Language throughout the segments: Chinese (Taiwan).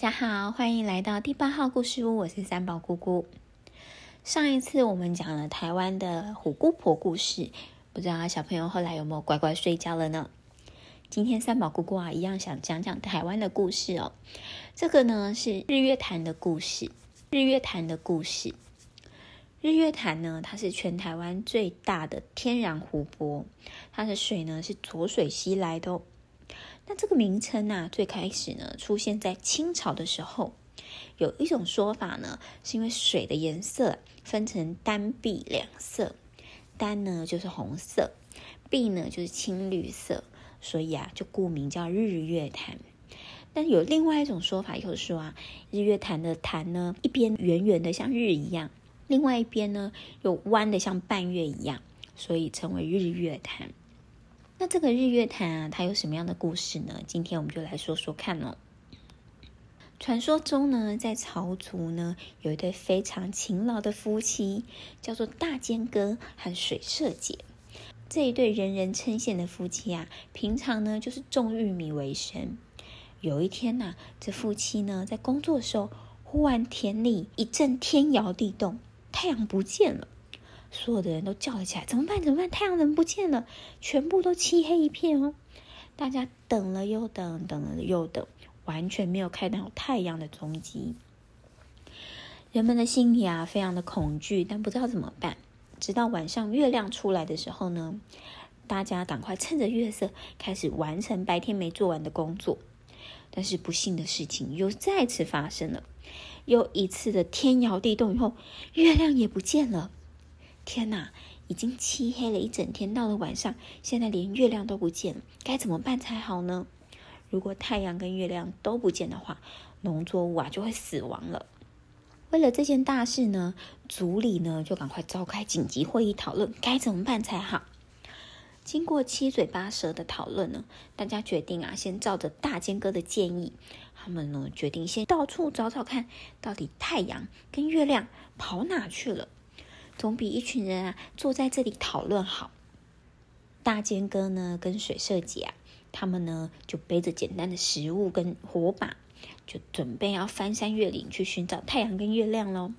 大家好，歡迎來到第八號故事屋，我是三寶姑姑。上一次我們講了台灣的虎姑婆故事，不知道小朋友後來有沒有乖乖睡覺了呢？今天三寶姑姑啊，一樣想講講台灣的故事哦。這個呢是日月潭的故事。日月潭的故事，日月潭呢，它是全台灣最大的天然湖泊，它的水呢是濁水溪來的哦。那這個名稱呢、啊，最開始呢出現在清朝的時候，有一種說法呢，是因為水的顏色分成丹碧兩色，丹呢就是紅色，碧呢就是青綠色，所以啊就故名叫日月潭。但有另外一種說法，就是說啊，日月潭的潭呢一邊圓圓的像日一樣，另外一邊呢又彎的像半月一樣，所以稱為日月潭。那這個日月潭啊，它有什麼樣的故事呢？今天我們就來說說看哦。傳說中呢，在朝族呢，有一對非常勤勞的夫妻，叫做大尖哥和水社姐。這一對人人稱羨的夫妻啊，平常呢就是種玉米為生。有一天吶、啊，這夫妻呢在工作的時候，忽然田裡一陣天搖地動，太陽不見了。所有的人都叫了起來：“怎麼辦？怎麼辦？太陽怎麼不見了，全部都漆黑一片哦！”大家等了又等，等了又等，完全沒有看到太陽的蹤跡。人們的心裡啊，非常的恐懼，但不知道怎麼辦。直到晚上月亮出來的時候呢，大家趕快趁着月色開始完成白天沒做完的工作。但是不幸的事情又再次發生了，又一次的天搖地動以後，月亮也不見了。天吶啊，已經漆黑了一整天，到了晚上，現在連月亮都不見了，該怎麼辦才好呢？如果太陽跟月亮都不見的話，農作物啊就會死亡了。為了這件大事呢，族裡呢就趕快召開緊急會議，討論該怎麼辦才好。經過七嘴八舌的討論呢，大家決定啊，先照着大尖哥的建議，他們呢決定先到處找找看，到底太陽跟月亮跑哪去了。總比一群人啊坐在這裡討論好。大尖哥呢，跟水社姐啊，他們呢就背着簡單的食物跟火把，就準備要翻山越嶺去尋找太陽跟月亮嘍。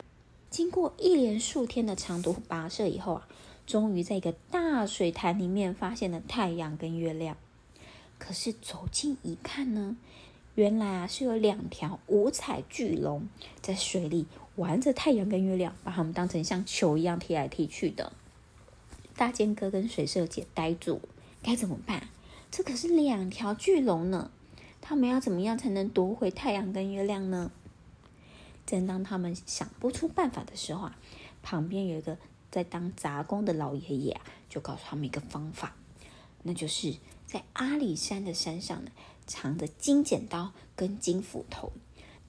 經過一連數天的長途跋涉以後啊，終於在一個大水潭裡面發現了太陽跟月亮。可是走近一看呢，原來啊是有兩條五彩巨龍在水裡。玩着太陽跟月亮，把他們當成像球一樣踢來踢去的。大尖哥跟水社姐呆住，該怎麼辦？這可是兩條巨龍呢！他們要怎麼樣才能奪回太陽跟月亮呢？正當他們想不出辦法的時候啊，旁邊有一個在當雜工的老爺爺啊，就告訴他們一個方法，那就是在阿里山的山上呢，藏着金剪刀跟金斧頭。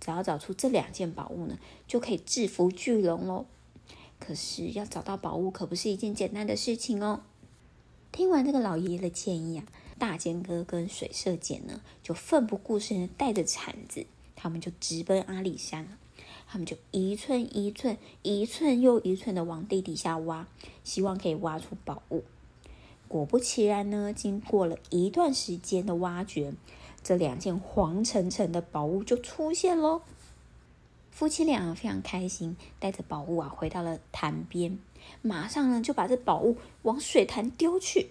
只要找出這兩件寶物呢，就可以制服巨龍嘍。可是要找到寶物可不是一件簡單的事情哦。聽完這個老爺爺的建議啊，大尖哥跟水社姐呢就奮不顧身的帶着鏟子，他們就直奔阿里山，他們就一寸一寸、一寸又一寸的往地底下挖，希望可以挖出寶物。果不其然呢，經過了一段時間的挖掘，這兩件黃澄澄的寶物就出現嘍，夫妻倆非常開心，帶着寶物啊回到了潭邊，馬上呢就把這寶物往水潭丟去。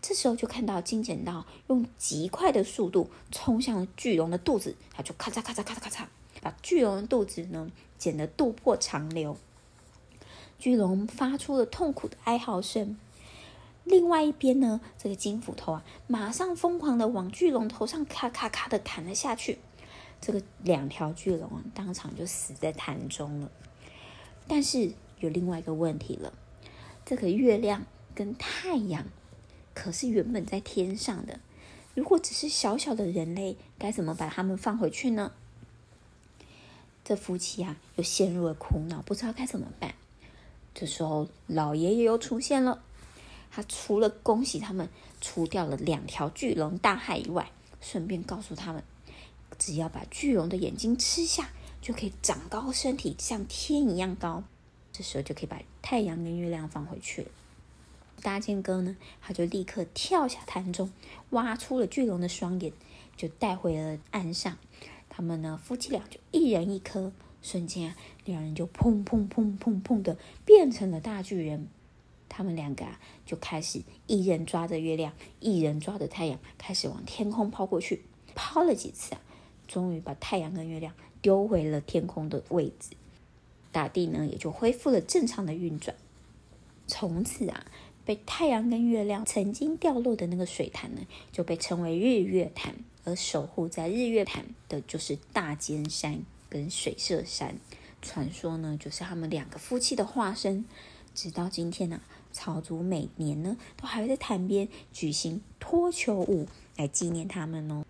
這時候就看到金剪刀用極快的速度衝向巨龍的肚子，它就咔嚓咔嚓咔嚓咔嚓，把巨龍的肚子呢剪得肚破腸流，巨龍發出了痛苦的哀嚎聲。另外一邊呢，這個金斧頭啊，馬上瘋狂的往巨龍頭上咔咔咔的砍了下去。這個兩條巨龍啊，當場就死在潭中了。但是有另外一個問題了，這個月亮跟太陽可是原本在天上的，如果只是小小的人類，該怎麼把它們放回去呢？這夫妻啊，又陷入了苦惱，不知道該怎麼辦。這時候，老爺爺又出現了。他除了恭喜他們除掉了兩條巨龍大害以外，順便告訴他們，只要把巨龍的眼睛吃下，就可以長高身體，像天一樣高。這時候就可以把太陽跟月亮放回去了。大尖哥呢，他就立刻跳下潭中，挖出了巨龍的雙眼，就帶回了岸上。他們呢，夫妻倆就一人一顆，瞬間啊，兩人就砰砰砰砰砰的變成了大巨人。他們兩個啊，就開始一人抓着月亮，一人抓着太陽，開始往天空拋過去。拋了幾次啊，終於把太陽跟月亮丟回了天空的位置。大地呢，也就恢復了正常的運轉。從此啊，被太陽跟月亮曾經掉落的那個水潭呢，就被稱為日月潭。而守護在日月潭的就是大尖山跟水社山。傳說呢，就是他們兩個夫妻的化身。直到今天呢、啊，草族每年呢都還會在潭邊舉行脫球舞來紀念他們哦。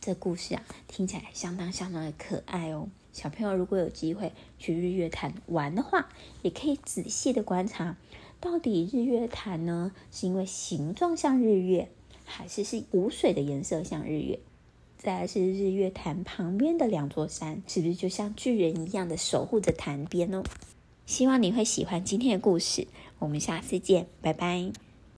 這故事啊，聽起來相當相當的可愛哦。小朋友如果有機會去日月潭玩的話，也可以仔細的觀察，到底日月潭呢是因為形狀像日月，還是是湖水的顏色像日月？再來是日月潭旁邊的兩座山，是不是就像巨人一樣的守護着潭邊呢、哦？希望你會喜歡今天的故事，我們下次見，拜拜。